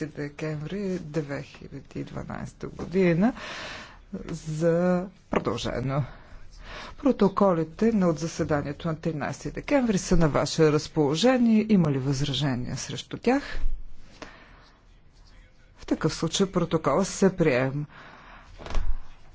20 декември 2012 година за продължено. Протоколите на от заседанието на 13 декември са на ваше разположение. Има ли възражения срещу тях? В такъв случай протокола се приема.